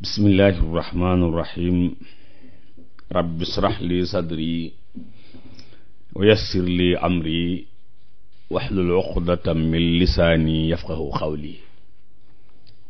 bismillahi irrahmani irrahim rabbi israh li sadri wa yassir li amri waxlul uqdatam min lisaani yafqahu xawli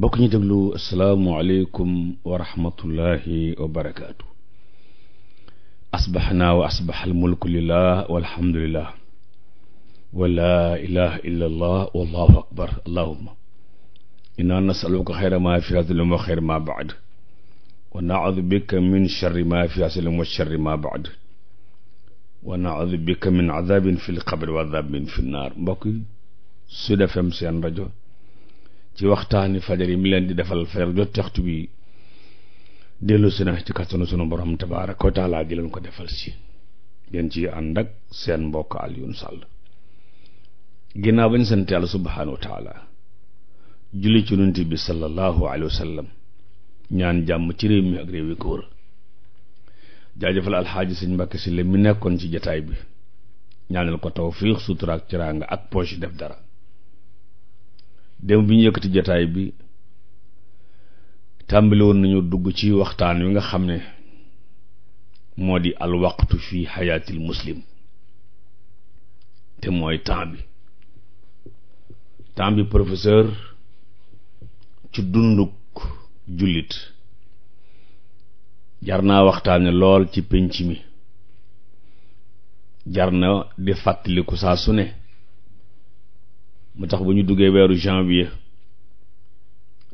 bokk ñu déglu asalaamualeykum wa rahmatullahi wa barakaatu asbaxnaa wa asbax almulku lillah walhamdulillah wa laa ilaha illa allah wallahu akbar allahumma inna nasaluka xayra ma fi hasilum wa xayra ma baad wa naudu bika min charri ma fi hasilum wa charri ma baad wa naudu bika min adabin fi lqabri wa adabin fi naar mbokk yi Sud FM seen rajo ci waxtaani fajar yi mi leen di defal fajar jot waxtu bi dellu si na ci kàttanu sunu borom tabaaraka wa taala di leen ko defal si ngeen ci ànd ak seen mbokk Alioune Sall ginnaaw bañ sant yàlla subhaanahu wa taala julli ci yonent bi sallallahu alayhi wa sallam ñaan jàmm ci réew mi ak réew yi ko wër alxaaji sëñ Mbàkke si le mi nekkoon ci jataay bi ñaanal ko tawfiix sutura ak teraanga ak poche def dara dem bi ñu yëkkati jataay bi tàmbali nañu dugg ci waxtaan wi nga xam ne moo di alwaqtu fi xayaatil muslim te mooy temps bi temps bi professeur ci dunduk jullit jar na waxtaane lool ci pénc mi jar na di fàttaliku saa su ne mu tax bu ñu duggee weeru janvier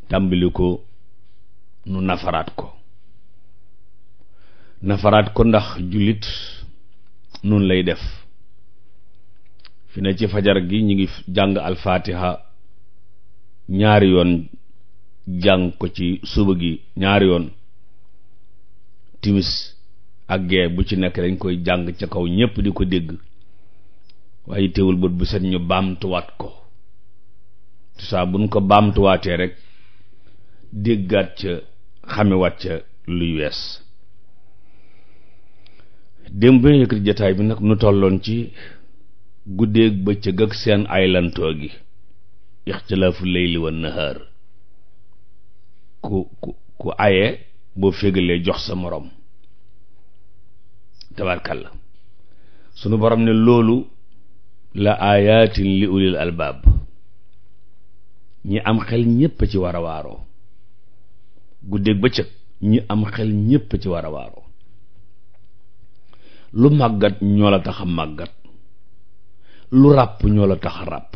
tàmbali ko nu nafaraat ko nafaraat ko ndax jullit noonu lay def fi ne ci fajar gi ñu ngi jàng alfaatiha ñaari yoon jàng ko ci suba gi ñaari yoon timis ak gee bu ci nekk dañ koy jàng ca kaw ñépp di ko dégg waaye teewul bët bu set ñu baamtuwaat ko te saa buñ ko baamtuwaatee rek déggaat ca xamewaat ca luy wees démb bi ñu yëkkati jataay bi nag nu tolloon ci guddeeg bëccëg ak seen aylantoo gi ixtilaafu leyli wa nahaar ku ku ku aye boo fégalee jox sa moroom la sunu borom ne loolu la ayatin li ulil albaab ñi am xel ñépp ci war a waaroo guddeeg bëccëg ñi am xel ñépp ci war a waaroo lu màggat ñoo la tax a màggat lu ràpp ñoo la tax a ràpp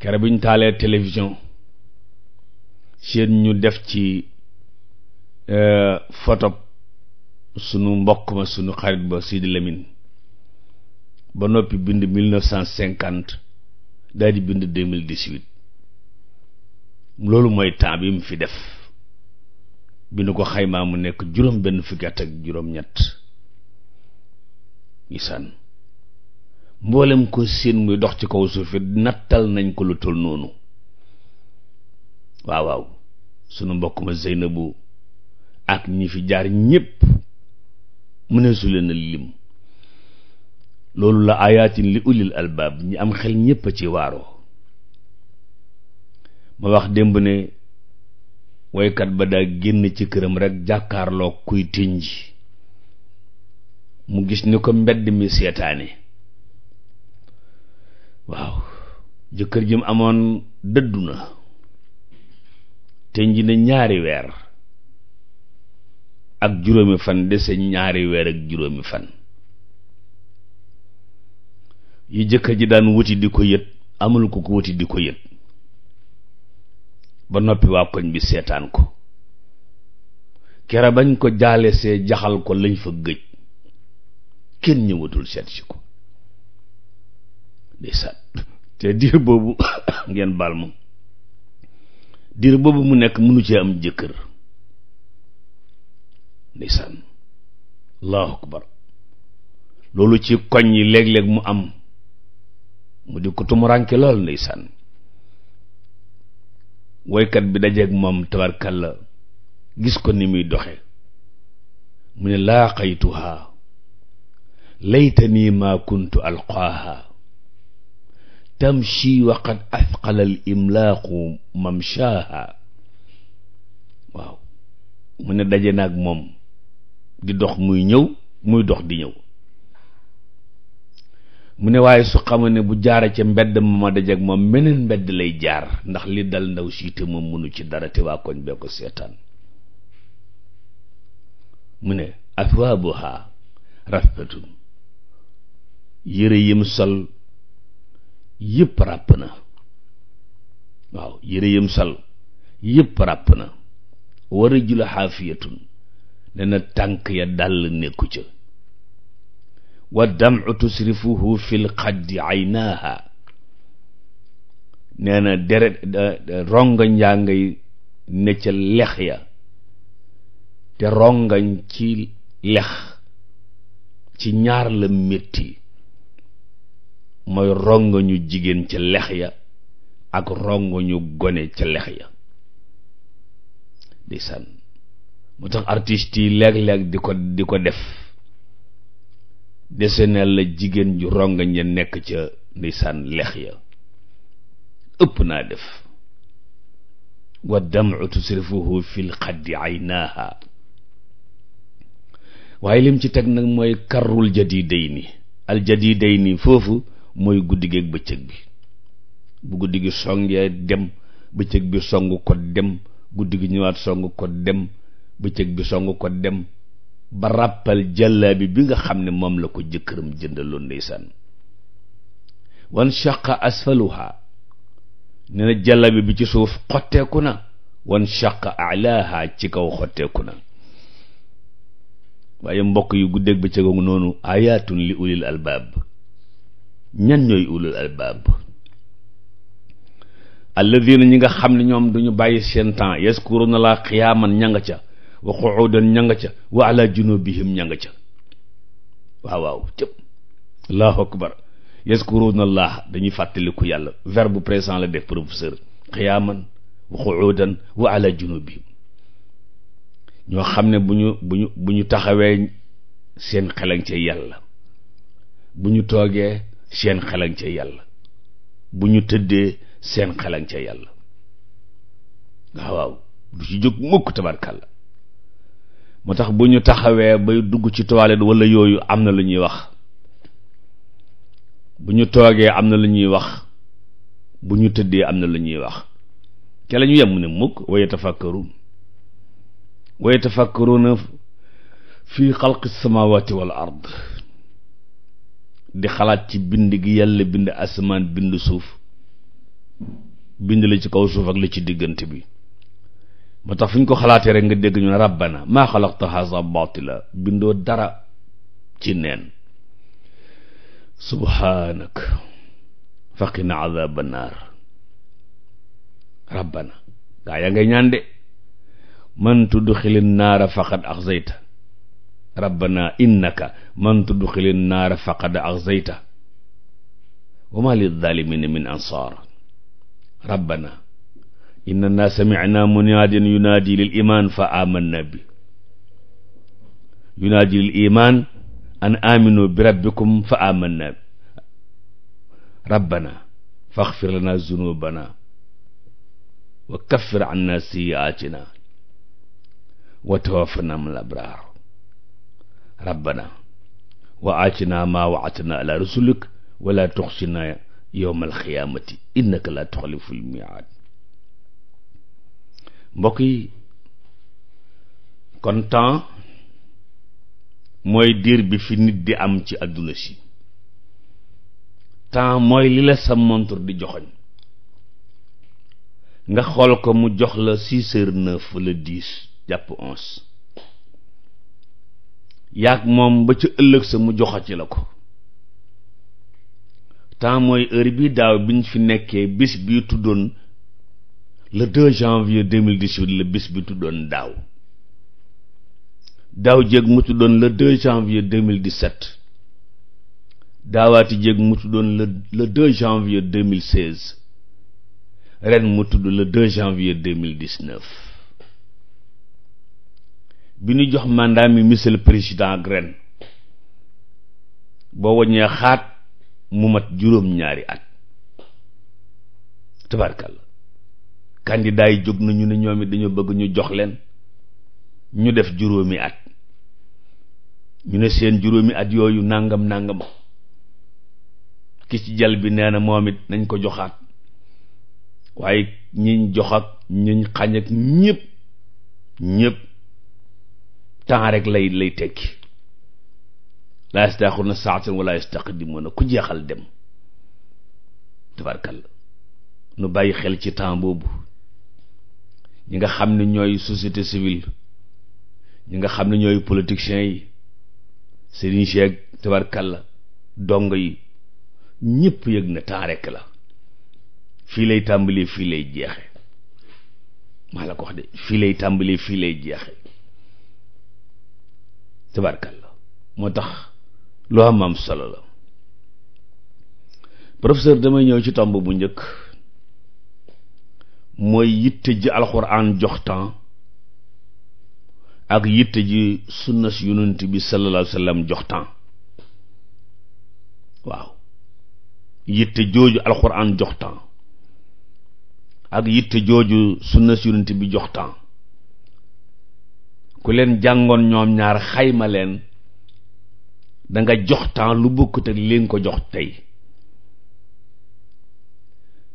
kere bi ñu taalee télévision seen ñu def ci euh, photo sunu mbokk ma sunu xarit ba Sidi Lamine ba noppi bind mille cinquante daal di bind deux mille dix-huit loolu mooy temps bi mu fi def bi nu ko xaymaa mu nekk juróom benn fukki ak juróom-ñett gisaan mboolem ko seen muy dox ci kaw suuf it nattal nañ ko lu toll noonu waaw waaw sunu mbokk ma Zeynabu ak ñi fi jaar ñépp mënee leen lim loolu la ayaatin li ulil albaab ñi am xel ñépp a ci waaroo ma wax démb ne woykat ba daa génn ci këram rekk jàkkaarloo kuy tënj mu gis ni ko mbedd mi seetaane waaw jëkkër ji mu amoon dëddu na te na ñaari weer ak juróomi fan dese ñaari weer ak juróomi fan yu jëkk ji daan wuti di ko yët amul ku ko wuti di ko yët ba noppi waa koñ bi seetaan ko kere bañ ko jaale see jaxal ko lañ fa gëj kenn ñëwatul seet si ko ndeysaan te diir boobu ngeen baal moom diir boobu mu nekk mënu ci am jëkkër ndeysaan allahu akbar loolu ci koñ yi léeg-léeg mu am mu di ko tumuraanke lool ndeysaan woykat bi dajeeg moom la gis ko ni muy doxe mu ne laa xaytuhaa laytanii maa kuntu alqaaha tamshi wa qad athqala al imlaaqu mamshaaha waaw mu ne daje naag moom di dox muy ñëw muy dox di ñëw mu ne waaye su xamoon ne bu jaara ca mbedd ma ma dajeeg moom meneen mbedd lay jaar ndax li dal ndaw sii te moom mënu ci dara te waa koñ bee ko seetaan mu ne athwaabuha rafetun yëre yim sol yëpp ràpp na waaw yére yëm sol ràpp na war a jula xaafiyatun na tànk ya dàll nekku ca wa damu tusrifuhu fi lxaddi aynaaha nee na deret rongañ yaa ngay ne ca lex ya te rongañ ci lex ci ñaar la métti mooy rongoñu jigéen ca lex ya ak rongoñu gone ca lex ya di moo mu tax artiste yi léeg-léeg di ko di ko def deseneel la jigéen ju rongoñ ya nekk ca ndeysaan lex ya ëpp naa def wa damu tusrifuhu fi lxaddi aynaaha waaye lim ci teg nag mooy karrul jadiday ni al jadiday ni foofu mooy guddi gi ak bëccëg bi bu guddi gi songee dem bëccëg bi song ko dem guddi gi ñëwaat song ko dem bëccëg bi song ko dem ba ràppal jàllaabi bi nga xam ne moom la ko jëkkëram jëndaloon ndeysaan wan shaqa asfaluha ne na jàllaabi bi ci suuf xotteeku na wan shaqa alaaha ci kaw xotteeku na waaye mbokk yu guddeeg bëccëg noonu ayaatu li ulil albaab ñan ñooy ulul albaab alladina ñi nga xam ne ñoom duñu bàyyi seen temps yaskuruna la xiyaaman ña nga ca wa quudan ña nga ca wa ala junubihim ña nga ca waaw waaw cëp allahu akbar yaskuruna allah dañuy fàttaliku yàlla verbe présent la def professeur xiyaaman wa quudan wa ala junubihim ñoo xam ne bu ñu bu ñu taxawee seen xelan ca yàlla bu ñu toogee seen xelan ca yàlla bu ñu tëddee seen xelan ca yàlla waaw du ci jóg mukk tabarkàlla moo tax bu ñu taxawee bay dugg ci toilette wala yooyu am na lu ñuy wax bu ñu toogee am na lu ñuy wax bu ñu tëddee am na lu ñuy wax ca la ñu yem ne mukk wa yatafakkarun wa yatafakkaruna fi xalqi samawati wal ard di xalaat ci bind gi yàlla bind asamaan bind suuf bind la ci kaw suuf ak la ci diggante bi moo tax fu ñu ko xalaatee rek nga dégg ñu ne rabbana maa xalaqta haza batila bindoo dara ci neen subhaanak faqina azaba naar rabbana ñaan de man tudxilin naara faqad axzayta rabbana innaka man tudxilin naara faqad axzayta wa ma li zalimina min ansaar rabbana innana samicna munaadiyan yunaadi lil iman fa amanna bi yunaadi lil iman an aminu bi rabbikum fa amanna bi rabbana faxfir lana zunubana wa kaffir anna sayyi'aatina wa tawaffana ma'al abraar rabbana wa atina ma waatna ala rasulik wala tuxsina yowma alxiyaamati innaka la tuxalifu lmiaad mbokk yi kon temps mooy diir bi fi nit di am ci àdduna si temps mooy li la sa montre di joxoñ nga xool ko mu jox la six heures neuf wala dix jàpp onze yaag moom ba ca ëllëg sa mu joxa ci la ko temps mooy heure bi daaw bi ñu fi nekkee bis bi tuddoon le 2 janvier 2018 la bis bi tuddoon daaw daaw jéeg mu tuddoon le 2 janvier 2017 daawaati jéeg mu tuddoon le le 2 janvier 2016 ren mu tudd le 2 janvier 2019 bi ñu jox mandat mi monsieur président ak ren boo waññee xaat mu mat juróom-ñaari at tabarkalla candidat yi jóg nañu ne ñoom it dañoo bëgg ñu jox leen ñu def juróomi at ñu ne seen juróomi at yooyu nangam nangam ki ci jal bi nee na moom it nañ ko joxaat waaye ñiñ jox ak ñiñ xañ ak ñëpp ñëpp temps rek lay lay na tekki laa yastaaxiruna di mën a ku jeexal dem tabarkalla nu bàyyi xel ci temps boobu ñi nga xam ne ñooy société civile ñi nga xam ne ñooy politiciens yi sëriñ Cheikh tabarkalla dongo yi ñëpp yëg na temps rek la fii lay tàmbalee fii lay jeexe maa la ko fii lay tàmbalee fii lay jeexe tabarkalla moo tax lu am am solo la professeur damay ñëw ci tomb bu njëkk mooy yitte ji alxuraan jox temps ak yitte ji sunna si bi sallallahu alayhi jox temps waaw yitte jooju alxuraan jox temps ak yitte jooju sunna si bi jox temps ku leen jàngoon ñoom ñaar xayma leen danga jox temps lu bokkut ak leen ko jox tey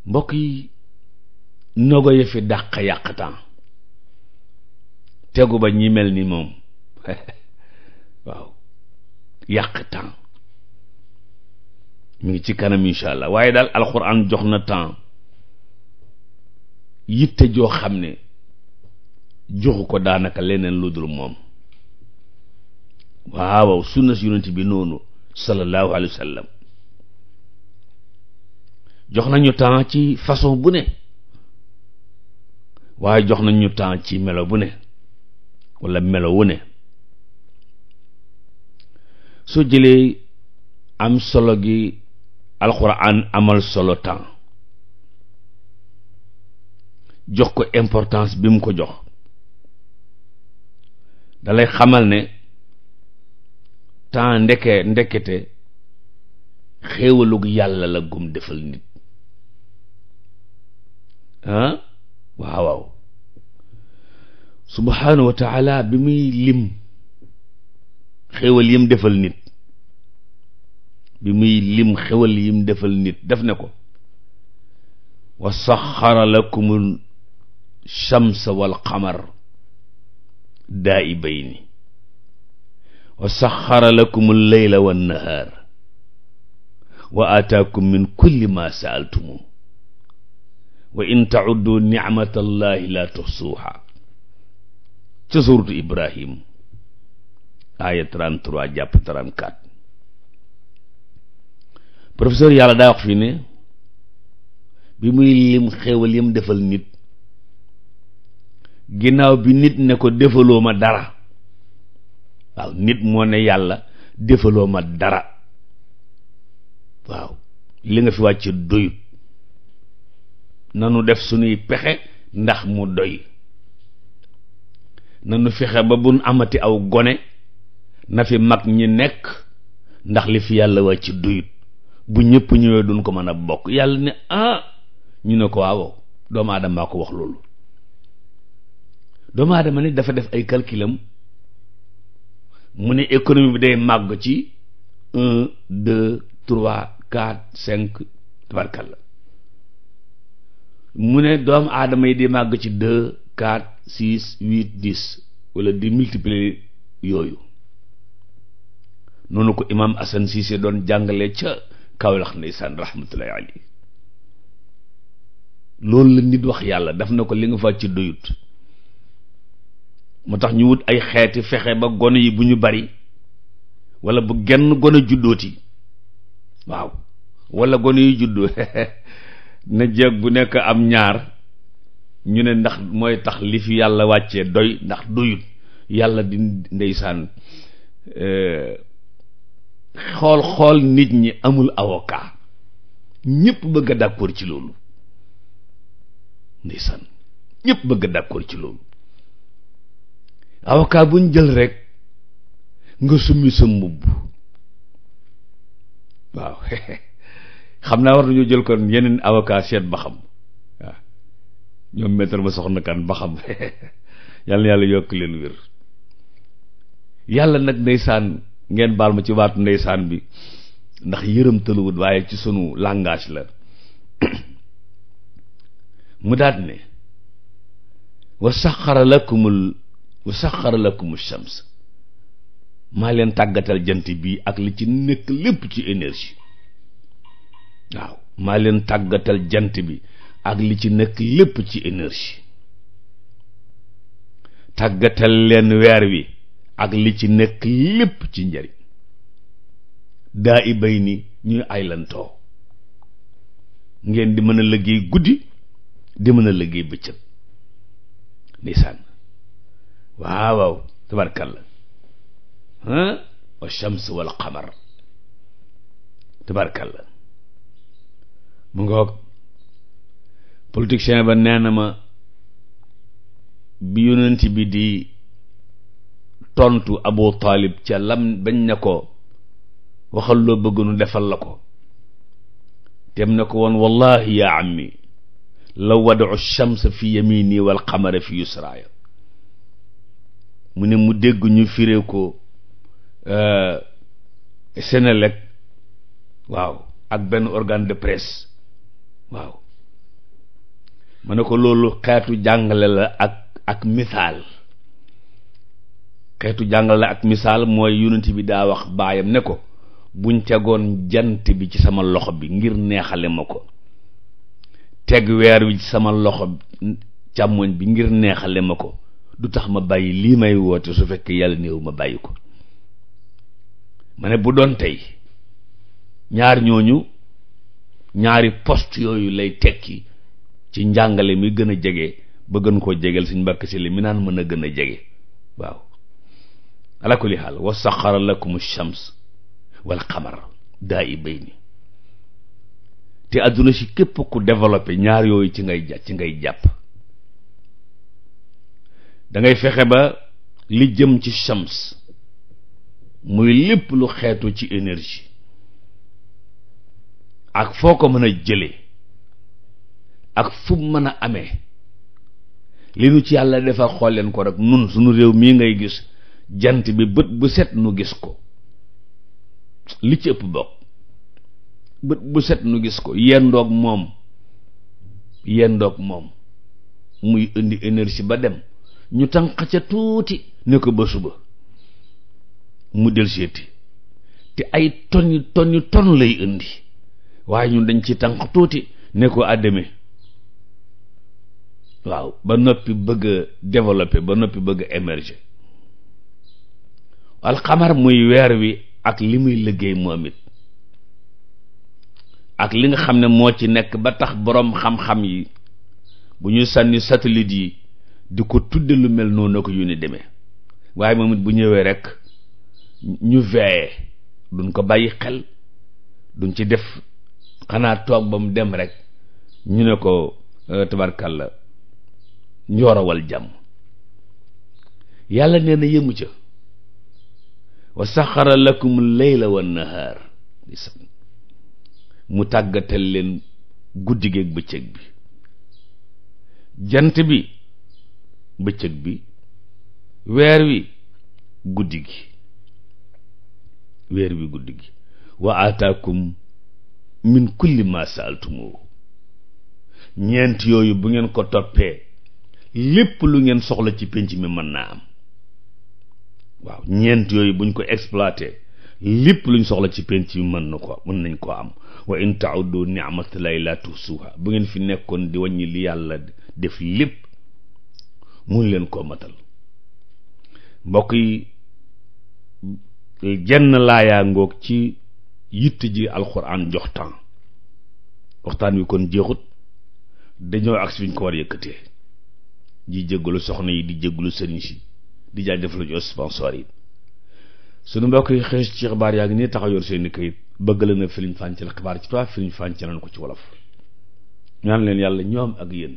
mbokk yi nogo ya fi dàq yàq temps tegu ba ñi mel ni moom waaw yàq temps mu ngi ci kanam incha waaye daal alxuraan jox na temps yitte joo xam ne joxu ko daanaka leneen lu dul moom waaw sunna si yonent bi noonu sallallahu alayhi wa sallam jox nañu temps ci façon bu ne waaye jox nañu temps ci melo bu ne walla melo wu ne soo jëlee am solo gi alxuraan amal solo temps jox ko importance bi mu ko jox dalay xamal ne temps ndeke ndekete xéewalug yàlla la gum defal nit ah waaw waaw subhaanahu wa taala bi muy lim xéewal yim defal nit bi muy lim xéewal yim defal nit def ne ko wa saxara lakum chamsa wal qamar daa'ibayni wa saxara lakum al-layla wa an-nahaar wa aataakum min kulli ma saaltumu wa in tauddu nicmatallahi la tuxsuuha ca suuratu Ibrahim aaya 33 jàpp 34 professeur yàlla daa wax fi ne bi muy lim xéewal yam defal nit ginnaaw bi nit ne ko defaloo ma dara waaw nit moo ne yàlla defaloo ma dara waaw li nga fi wàcc doyut nanu def sunuy pexe ndax mu doy nanu fexe ba buñ amati aw gone na fi mag ñi nekk ndax li fi yàlla wàcc doyut bu ñëpp ñëwee duñ ko mën a bokk yàlla ne ah ñu ne ko waaw doomu aadama ko wax loolu doomu aadama nit dafa def ay calculam mu ne économie bi day màgg ci un deux trois quatre mu ne doomu aadama yi di màgg ci deux quatre six huit dix wala di multiplier yooyu noonu ko imaam Assane Cissé doon jàngale ca Kaolack ndeysaan rahmatullahi alayhi loolu la nit wax yàlla daf na ko li nga fa ci doyut moo tax ñu wut ay xeeti fexe ba gone yi bu ñu bari wala bu genn gone juddooti waaw wala gone yu juddoo na jeeg bu nekk am ñaar ñu ne ndax mooy tax li fi yàlla wàccee doy ndax doyut yàlla di ndeysaan e, xool xool nit ñi amul avocat ñëpp bëgg a d'accord ci loolu ndeysaan ñëpp bëgg a d'accord ci loolu bu buñ jël rek nga summi sa mbubb waaw xam naa war nañoo jël kon yeneen avocat seet ba xam ñoom maître ma soxna kan ba xam yàlla na yàlla yokk leen wér yàlla nag ndeysaan ngeen baal ma ci waatu ndeysaan bi ndax yërëm tëluwut waaye ci sunu langage la mu daat ne wa saxara lakumul wa saxara lakum shams maa leen tàggatal jant bi ak li ci nekk lépp ci énergie waaw maa leen tàggatal jant bi ak li ci nekk lépp ci énergie tàggatal leen weer wi ak li ci nekk lépp ci njariñ daa i bay ni ñuy aylantoo ngeen di mën a liggéey guddi di mën a liggéey bëccëg ndeysaan waaw waaw tabarkalla wa shams wal qamar tabarkalla mu ngoog politicien ba nee na ma bi yonent bi di tontu Abu Talib ca lam bañ na ko waxal loo bëgg nu defal la ko dem na ko woon wallahi ya ammi la wadu shams fi yamini wal qamara fi yusraaya mu ne mu dégg ñu firee ko euh, Senelec waaw ak benn organ de presse waaw ma ne ko loolu xeetu jàngale la ak ak misaal xeetu jàngale la ak misaal mooy yonent bi daa wax baayam ne ko buñ tegoon jant bi ci sama loxo bi ngir neexale ma ko teg weer wi ci sama loxo càmmoñ bi ngir neexale ma ko du tax ma bàyyi lii may woote su fekkee yàlla néew ma bàyyi ko ma ne bu doon tey ñaar ñooñu ñaari post yooyu lay tekki ci njàngale mi gën a jege ba gën koo jegeel suñ mbàkk si li mi naan mën a gën a jege waaw ala kulli xaal wa saxara lakum shams wal xamar daa i bay ni te àdduna si képp ku développé ñaar yooyu ci ngay ci ngay jàpp da ngay fexe ba li jëm ci shams muy lépp lu xeetu ci énergie ak foo ko mën a jële ak fu mën a ame li nu ci yàlla defal xool leen ko rek nun suñu réew mii ngay gis jant bi bët bu set nu gis ko li ci bokk bët bu set nu gis ko yendoog moom yendoog moom muy indi énergie ba dem ñu tanq ca tuuti ne ko ba suba mu del seeti te ay tonni tonni ton lay indi waaye ñun dañ ci tànq tuuti ne ko àddeme waaw ba noppi bëgg a ba noppi bëgg a alxamar muy weer wi ak li muy liggéey moom it ak li nga xam ne moo ci nekk ba tax boroom xam-xam yi bu ñu sànni satelit yi di ko tudde lu mel noonu ko yu ni demee waaye moom it bu ñëwee rek ñu veeye duñ ko bàyyi xel duñ ci def xanaa toog ba mu dem rekk ñu ne ko euh, tabarkàlla njoorawal jàmm yàlla nee na yëmu ca wa saxara lakum leyla wa nahaar mu tàggatal leen guddi geeg bëccëg bi jant bi bëccëg bi weer wi guddi gi weer wi guddi gi wa aataakum min kulli ma saaltumuhu ñeent yooyu bu ngeen ko toppee lépp lu ngeen soxla ci pénc mi mën naa am waaw ñeent yooyu buñ ko exploité lépp luñ soxla ci pénc mi mën na ko mën nañ ko am wa in tauddu ni'matallahi la tuhsuha bu ngeen fi nekkoon di wàññi li yàlla def lépp mu mun leen koo matal mbokk yi jenn laayaa ngoog ci yitt ji alxuraan jox temps waxtaan wi kon jeexut dañoo ak si fi ñu ko war yëkkatee di jéggalu soxna yi di jéggalu sëriñ si di jaajëfal ñu sponsor yi sunu mbokk yi xëy ci xibaar yaa ngi nii taxaw yor seeni këyit bëgg la na firiñ fàncal xibaar ci toi firiñ fàncal ko ci wolof ñaan leen yàlla ñoom ak yéen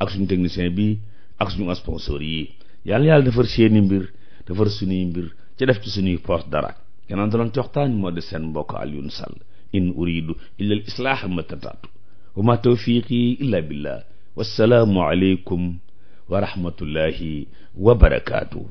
ak suñu technicien bi ak suñu sponsor yi yàlla yàlla defar seeni mbir defar suñuy mbir ci def ci suñuy porte dara kenaan doon coxtaan moo de seen mbokk Alioune Sall in uridu illa al islaaha ma tataatu wa ma tawfiqi illa billah wassalaamu aleykum wa rahmatullahi wa barakaatuh